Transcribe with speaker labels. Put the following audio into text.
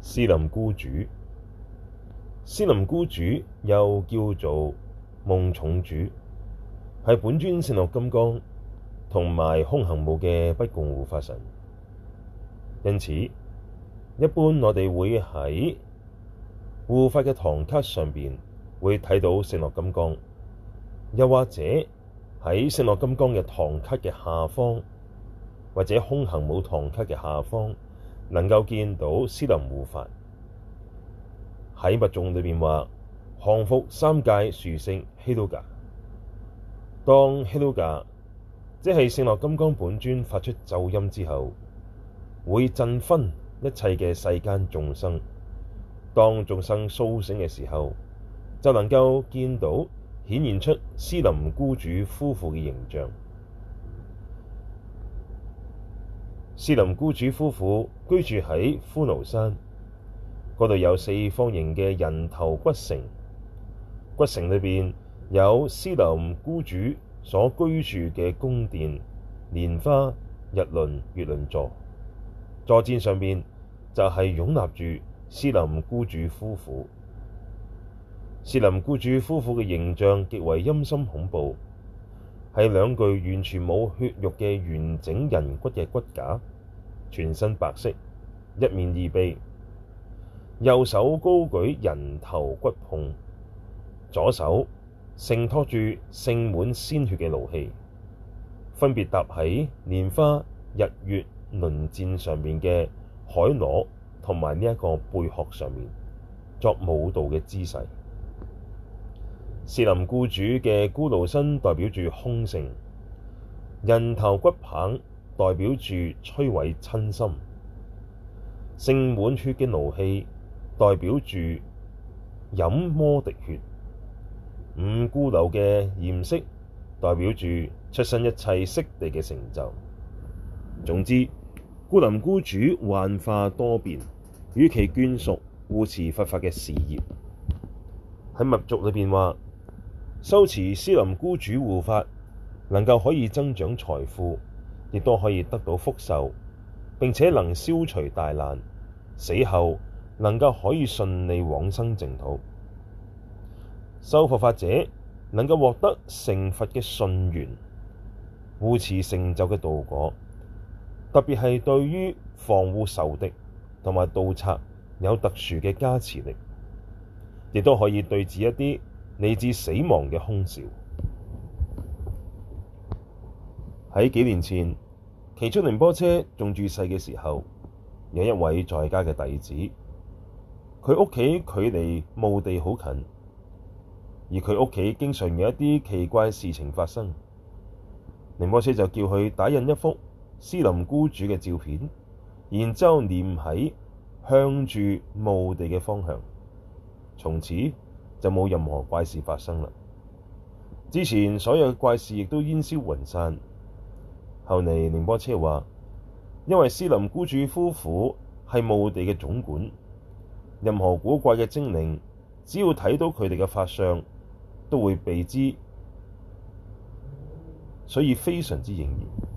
Speaker 1: 屍林怙主，屍林怙主又叫做墓葬主，係本尊聖樂金剛同埋空行母嘅不共護法神。因此，一般我哋會喺護法嘅唐卡上邊會睇到聖樂金剛，又或者喺聖樂金剛嘅唐卡嘅下方，或者空行母唐卡嘅下方。能夠見到斯林護法。喺密宗裏面話，降伏三界殊聖希都噶，當希都噶即係聖樂金剛本尊發出咒音之後，會震分一切嘅世間眾生。當眾生蘇醒嘅時候，就能夠見到顯現出斯林孤主夫婦嘅形象。屍林怙主夫婦居住喺髑髏山，嗰度有四方形嘅人頭骨城，骨城裏邊有屍林怙主所居住嘅宮殿、蓮花、日輪、月輪座。座墊上面就係擁立住屍林怙主夫婦。屍林怙主夫婦嘅形象極為陰森恐怖。係兩具完全冇血肉嘅完整人骨嘅骨架，全身白色，一面二臂，右手高舉人頭骨棒，左手承托住盛滿鮮血嘅顱器，分別踏喺蓮花、日月輪墊上面嘅海螺同埋呢一個貝殼上面，作舞蹈嘅姿勢。尸林怙主嘅骷髏身代表住空性，人頭骨棒代表住摧毀嗔心，盛滿血嘅顱器代表住飲魔敵血，五骷髏嘅嚴飾代表住出生一切悉地嘅成就。總之，尸林怙主幻化多變，與其眷屬護持佛法嘅事業，喺密續裏邊話。修持屍林怙主護法，能夠可以增長財富，亦都可以得到福壽，並且能消除大難，死後能夠可以順利往生淨土。修佛法者能夠獲得成佛嘅順緣，護持成就嘅道果，特別係對於防護仇敵同埋盜賊有特殊嘅加持力，亦都可以對治一啲。嚟自死亡嘅凶兆。喺幾年前，祈竹仁波切仲住世嘅時候，有一位在家嘅弟子，佢屋企距離墓地好近，而佢屋企經常有一啲奇怪事情發生。仁波切就叫佢打印一幅屍林怙主嘅照片，然之後念喺向住墓地嘅方向，從此，就冇任何怪事發生啦。之前所有嘅怪事亦都煙消雲散。後嚟仁波切話，因為屍林怙主夫婦係墓地嘅總管，任何古怪嘅精靈只要睇到佢哋嘅法相，都會避之，所以非常之應驗。